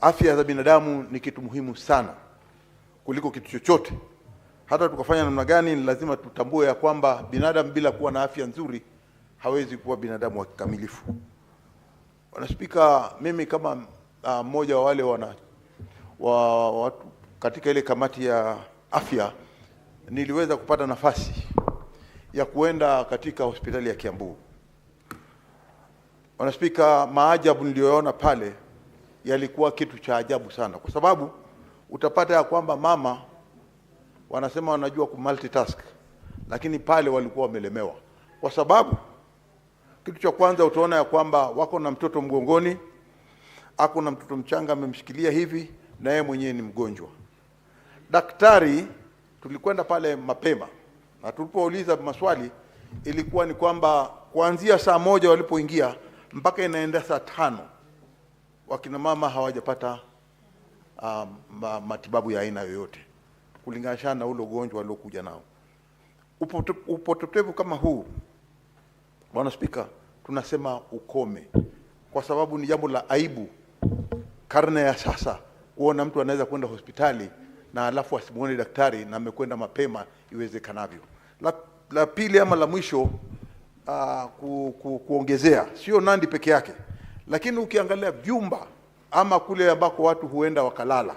afya za binadamu ni kitu muhimu sana kuliko kitu chochote. Hata tukafanya namna gani, ni lazima tutambue ya kwamba binadamu bila kuwa na afya nzuri hawezi kuwa binadamu wa kikamilifu. Bwana Spika, mimi kama ah, mmoja uh, wa wale wana wa watu katika ile kamati ya afya niliweza kupata nafasi ya kuenda katika hospitali ya Kiambu. Bwana Spika, maajabu niliyoona pale yalikuwa kitu cha ajabu sana, kwa sababu utapata ya kwamba mama wanasema wanajua multitask, lakini pale walikuwa wamelemewa, kwa sababu kitu cha kwanza utaona ya kwamba wako na mtoto mgongoni, ako na mtoto mchanga amemshikilia hivi, na yeye mwenyewe ni mgonjwa. Daktari tulikwenda pale mapema na tulipouliza maswali ilikuwa ni kwamba kuanzia saa moja walipoingia mpaka inaenda saa tano wakina mama hawajapata um, matibabu ya aina yoyote kulingana na ule ugonjwa waliokuja nao. Upototevu kama huu, Bwana Spika, tunasema ukome, kwa sababu ni jambo la aibu karne ya sasa kuona mtu anaweza kwenda hospitali na alafu asimuone daktari na amekwenda mapema iwezekanavyo. La, la pili ama la mwisho, uh, ku, ku, kuongezea sio Nandi peke yake lakini ukiangalia vyumba ama kule ambako watu huenda wakalala,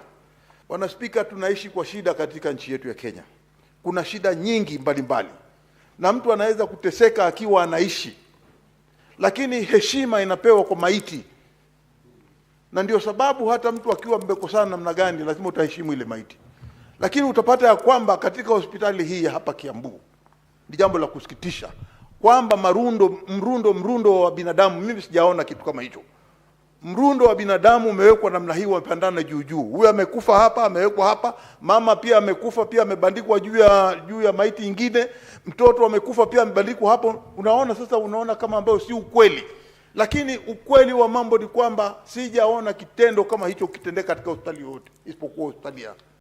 Bwana Spika, tunaishi kwa shida katika nchi yetu ya Kenya. Kuna shida nyingi mbalimbali mbali, na mtu anaweza kuteseka akiwa anaishi, lakini heshima inapewa kwa maiti, na ndio sababu hata mtu akiwa mbekosana namna gani, lazima utaheshimu ile maiti. Lakini utapata ya kwamba katika hospitali hii hapa Kiambu ni jambo la kusikitisha kwamba marundo mrundo mrundo wa binadamu, mimi sijaona kitu kama hicho. Mrundo wa binadamu umewekwa namna hii, wamepandana juu juu, huyu amekufa hapa, amewekwa hapa, mama pia amekufa pia, amebandikwa juu ya juu ya maiti ingine, mtoto amekufa pia, amebandikwa hapo. Unaona sasa, unaona kama ambayo si ukweli, lakini ukweli wa mambo ni kwamba sijaona kitendo kama hicho kitendeka katika hospitali yoyote isipokuwa hospitali ya